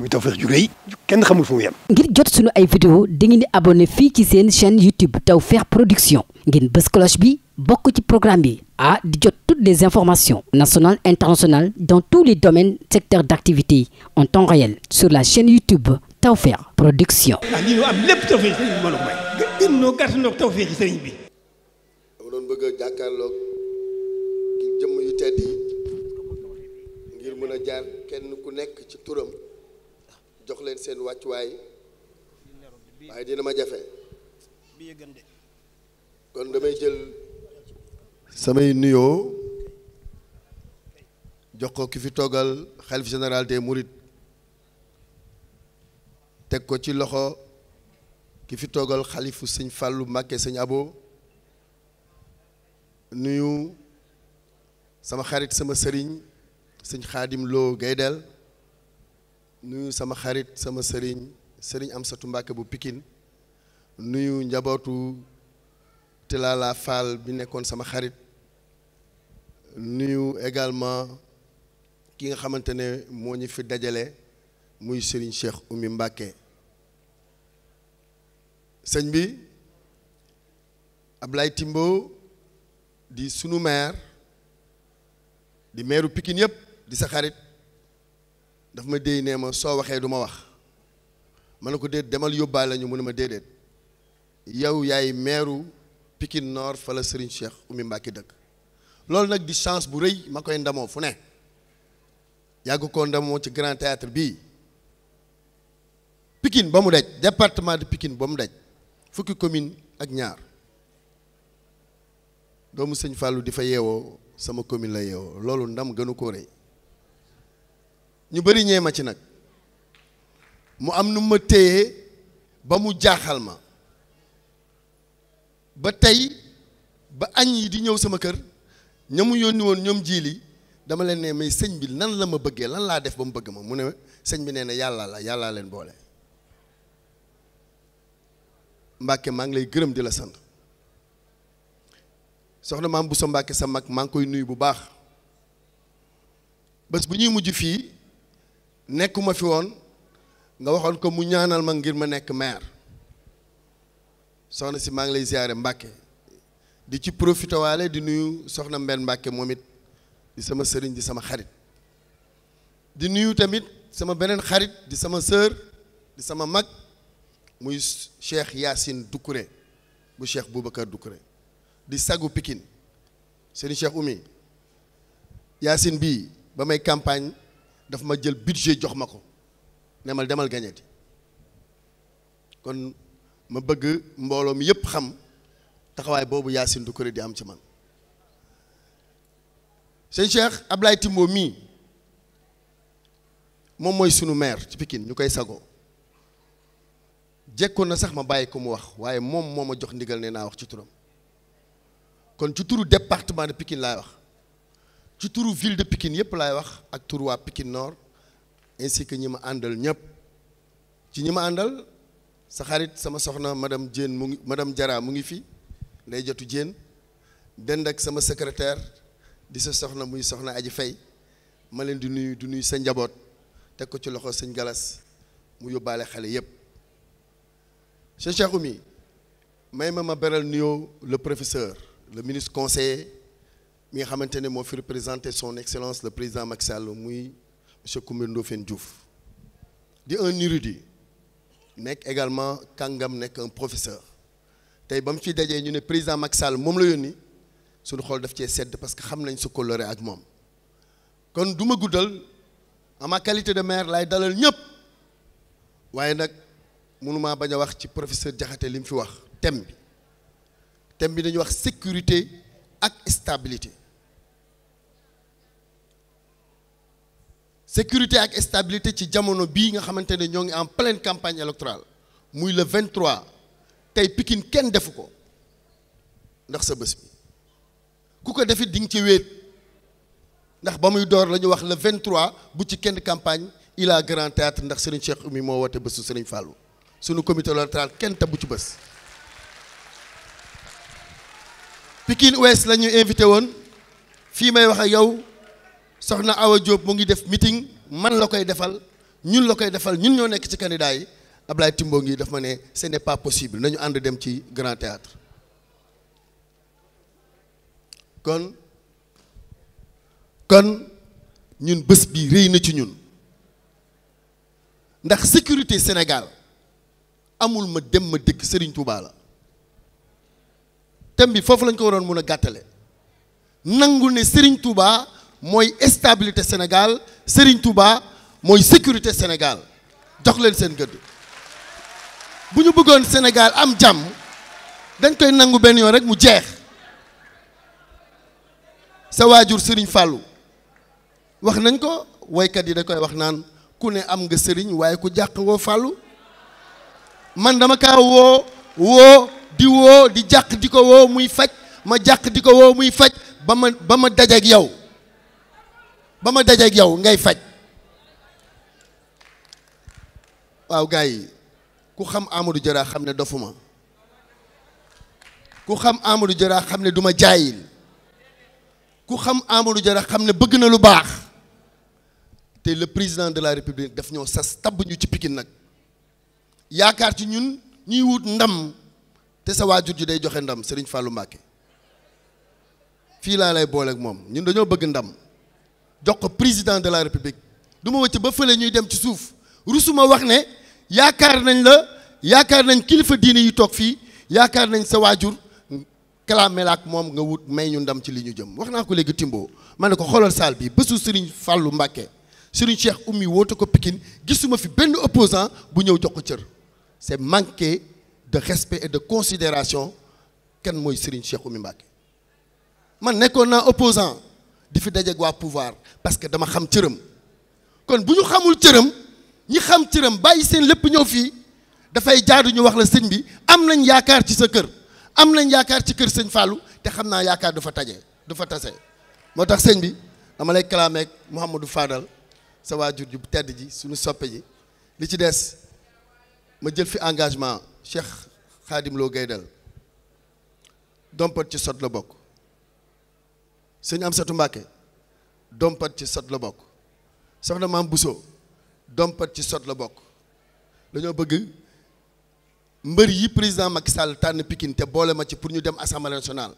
muy Tawfekh ju rëy kenn xamul fu ngir jot sunu ay vidéo dangeen di abonné fii ci seen chaîne YouTube Tawfekh Production ngeen bës bi bokk ci programme bi ah di jot toutes les informations nationales internationales dans tous les domaines secteurs d'activité en temps réel sur la chaîne YouTube Tawfekh Production. ah lii ñu am lépp Tawfekh sëriñ bi la may. gën gën ñoo gàtt ñoo Tawfekh sëriñ bi. dama doon bëgg a ngir mën a jaar kenn ku nekk ci turam. jox leen seen wàccuwaay waaye dina ma jafe kon damay jël samay nuyoo jox ko ki fi toogal xalif général des Mourides teg ko ci loxo ki fi toogal xalifu sëñ Fàllu Mbàkke sëñ Abo nuyu sama xarit sama sëriñ sëñ Xaadim Lo Gaydel nuyu sama xarit sama sëriñ sëriñ Amsatu Mbàkke bu pikkin nuyu njabootu te Tilala Fall bi nekkoon sama xarit nuyu également ki nga xamante ne moo ñu fi dajale muy sëriñ Cheikh ummi Mbàkke sëñ bi Ablaye Timbo di sunu maire di maireu Pikine yëpp di sa xarit daf ma déy nee ma soo waxee du ma wax ma ne ko déet demal yóbbaale ñu mu ne ma déedéet yow yaay meeru Pikine noor fa la Serigne Cheikh Oumy Mbacké dëkk loolu nag di chance bu rëy ma koy ndamoo fu ne yàgg ko ndamoo ci grand théâtre bii Pikine ba mu daj département de Pikine ba mu daj fukki commune ak ñaar doomu sëñ Fallou di fa yeewoo sama commune la yeewoo loolu ndam gënu ko rëy ñu bari ñee ma ci nag mu am nu ma téye ba mu jaaxal ma ba tey ba añ yi di ñëw sama kër ña mu woon ñoom jiili dama leen ne may sëñ bi nan la ma bëggee lan laa def ba mu bëgg ma mu ne sëñ bi nee na yàllaa la yàllaa leen boole Mbàkke maa ngi lay gërëm di la sant soxna maam bu sa Mbàkke sa mag maa ngi koy nuyu bu baax bés bu ñuy mujj fii nekkuma fi woon nga waxoon ko mu ñaanal ma ngir ma nekk maire soxna si maa ngi lay ziare Mbàkke di ci profité waale di nuyu soxna Mbène Mbàkke moom it di sama sëriñ di sama xarit di nuyu tamit sama beneen xarit di sama sœur di sama mag muy Cheikh Yacine Doucouré bu Cheikh Boubacar Doucouré di sagu pikin sëriñ Cheikh Oumy Yacine bii ba may campagne daf ma jël budget jox ma ko ne demal gañeti kon ma bëgg mbooloo mi yëpp xam taxawaay boobu Yacine Doucouré di am ci man sëñ Cheikh Ablaye Timbo mii moom mooy sunu maire ci pikin ñu koy sagoo jekkoon na sax ma bàyyi ko mu wax waaye moom moo ma jox ndigal ne naa wax ci turam kon ci turu département de Pikine laay wax ci tour ville de Pikine yëpp laay wax ak turu waa Pikine Nord ainsi ñi ma àndal ñëpp ci ñi ma àndal sa xarit sama soxna madame Diène mu ngi madame Diarra mu ngi fi lay jotu Diène dend ak sama secrétaire di sa soxna muy soxna Aji Faye ma leen di nuyu di nuyu sa njaboot teg ko ci loxo sëñ Galas mu yóbbaale xale yëpp Cheikh mi may ma ma beral nuyoo le professeur le ministre conseiller mi nga xamante ne moo fi représenté son excellence le président Macky Sall muy monsieur Koumba Ndoffène Diouf di un érudit nekk également kàngam nekk un tey ba mu ciy dajee ñu ne président Macky moom la yónni suñu xool daf cee sedd parce que xam nañ su coloré ak moom kon du ma guddal qualité de maire laay dalal ñëpp waaye nag mënumaa bañ a wax ci professeur Diakhaté li mu fi wax thème bi thème bi dañuy wax sécurité ak stabilité sécurité ak stabilité ci jamono bii nga xamante ne ñoo ngi en pleine campagne électorale muy le 23 tey pikin kenn defu ko ndax sa bés bi ku ko defit di nga ci wéet ndax ba muy door la ñu wax le 23 bu ci kenn campagne illa a grand théâtre ndax Serigne Cheikh Oumy moo woote bésu Serigne Fallou sunu comité électoral kenn tabu ci bës Pikine Ouest la ñu invité woon fii may wax ak yow. soxna Awa Diop mu ngi def meeting man la koy defal ñun la koy defal ñun ñoo nekk ci candidat yi Ablaye Timbo ngi daf ma ne ce n'est pas possible nañu ànd dem ci grand théâtre kon kon ñun bés bi rëy na ci ñun ndax sécurité Sénégal amul ma dem ma dëkk Serigne Touba la thème bi foofu lañ ko waroon mun a gàttale nangu ne Serigne Touba. mooy estabilité Sénégal Serigne Touba mooy sécurité Sénégal joxleen seen gëdd bu ñu bëggoon Sénégal am jàmm dañ koy nangu benn yoon rek mu jeex sa waajur Serigne Fallou wax nañ ko woykat yi da koy wax naan ku ne am nga Serigne waaye ku jàq woo fàllu man dama kaa woo woo di woo di jàq di ko woo muy faj ma jàq di ko woo muy faj ba ba ma daj ak yow. ba ma dajeek yow ngay faj waaw gars yi ku xam Amadou Diarra xam ne dofuma ku xam Amadou Diarra xam ne duma ma jaayil ku xam Amadou Diarra xam ne bëgg na lu baax te le président de la république daf ñoo sas tabb ñu ci Pikine nag yaakaar ci ñun ñuy wut ndam te sa waajur ji day joxe ndam Serigne Fallou Mbacké fii laa lay booleek moom ñun dañoo bëgg ndam jox ko président de la république du ma wëcc ba fële ñuy dem ci suuf rusuma wax ne yaakaar nañ la yaakaar nañ kilifa diine yi toog fii yaakaar nañ sa waajur kalaame ak moom nga wut may ñu ndam ci li ñu jëm wax naa ko léegi timboo ma ne ko xoolal saal bi bésu Serigne Fallou Mbacké Serigne Cheikh Oumy woote ko Pikine gisuma fi benn opposant bu ñëw jox ko cër c'est manquer de respect et de considération kenn mooy Serigne Cheikh Oumy Mbacké man nekkoon naa opposant di fi dajeeg waa parce que dama xam cëram kon bu ñu xamul cëram ñi xam cëram bàyyi seen lépp ñëw fii dafay jaadu ñu wax la sëñ bi am nañ yaakaar ci sa kër am nañ yaakaar ci kër sëñ Fallou te xam naa yaakaar du fa tajee du fa tase moo tax sëñ bi dama lay kalaamee ak Mouhamadou Fadal sa waajur ju tedd ji suñu soppe li ci des ma jël fi engagement Cheikh Khadim Lo Gaydel ci sot la bokk sëñ Amsatou Mbacké dompat ci sot la bokk soxna maam Bousso dompat ci sot la bokk dañoo bëgg mbër yi président Macky Sall tànn Pikine te boole ma ci pour ñu dem assemblée nationale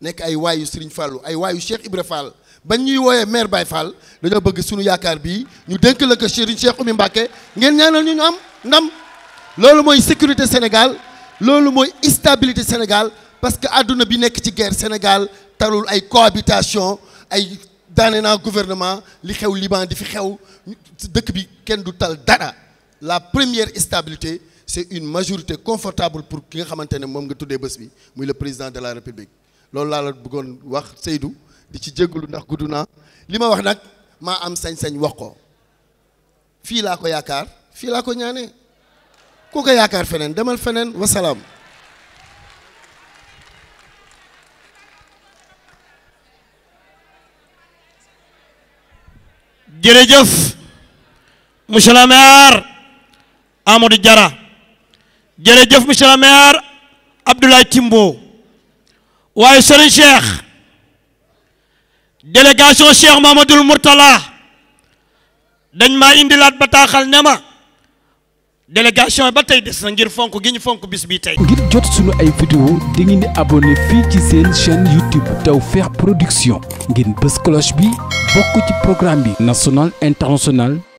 nekk ay waayu Serigne Fallou ay waayu Cheikh Ibra Fall bañ ñuy wooyee maire Baye Fall dañoo bëgg suñu yaakaar bii ñu dénk la ko Serigne Cheikh Oumy Mbacké ngeen ñaanal ñu ñu am ndam loolu mooy sécurité Sénégal loolu mooy stabilité Sénégal parce que àdduna bi nekk ci guerre Sénégal tarul ay cohabitation ay daane naa gouvernement li xew Liban di fi xew dëkk bi kenn du tal dara la première stabilité c'est une majorité confortable pour ki nga xamante ne moom nga tuddee bés bi muy le président de la république loolu laa la bëggoon wax saydu di ci jégalu ndax guddu naa li ma wax nag maa am sañ-sañ wax ko fii laa ko yaakaar fii laa ko ñaanee koo yaakaar feneen demal feneen wasalaam. jërëjëf monsieur le maire Amadou Diarra jërëjëf monsieur le maire Abdoulaye Timbo waaye Serigne Cheikh délégation Cheikh Mamadou Mourtala dañ maa indilaat bataaxal ne ma délégation ba tey des na ngir fonk gi ñu fonk bis bi tey. ngir jot suñu ay vidéo di ngeen di abonné fii ci seen chaîne YouTube Tawfekh Production. ngeen bës cloche bi bokk ci programme bi. national international.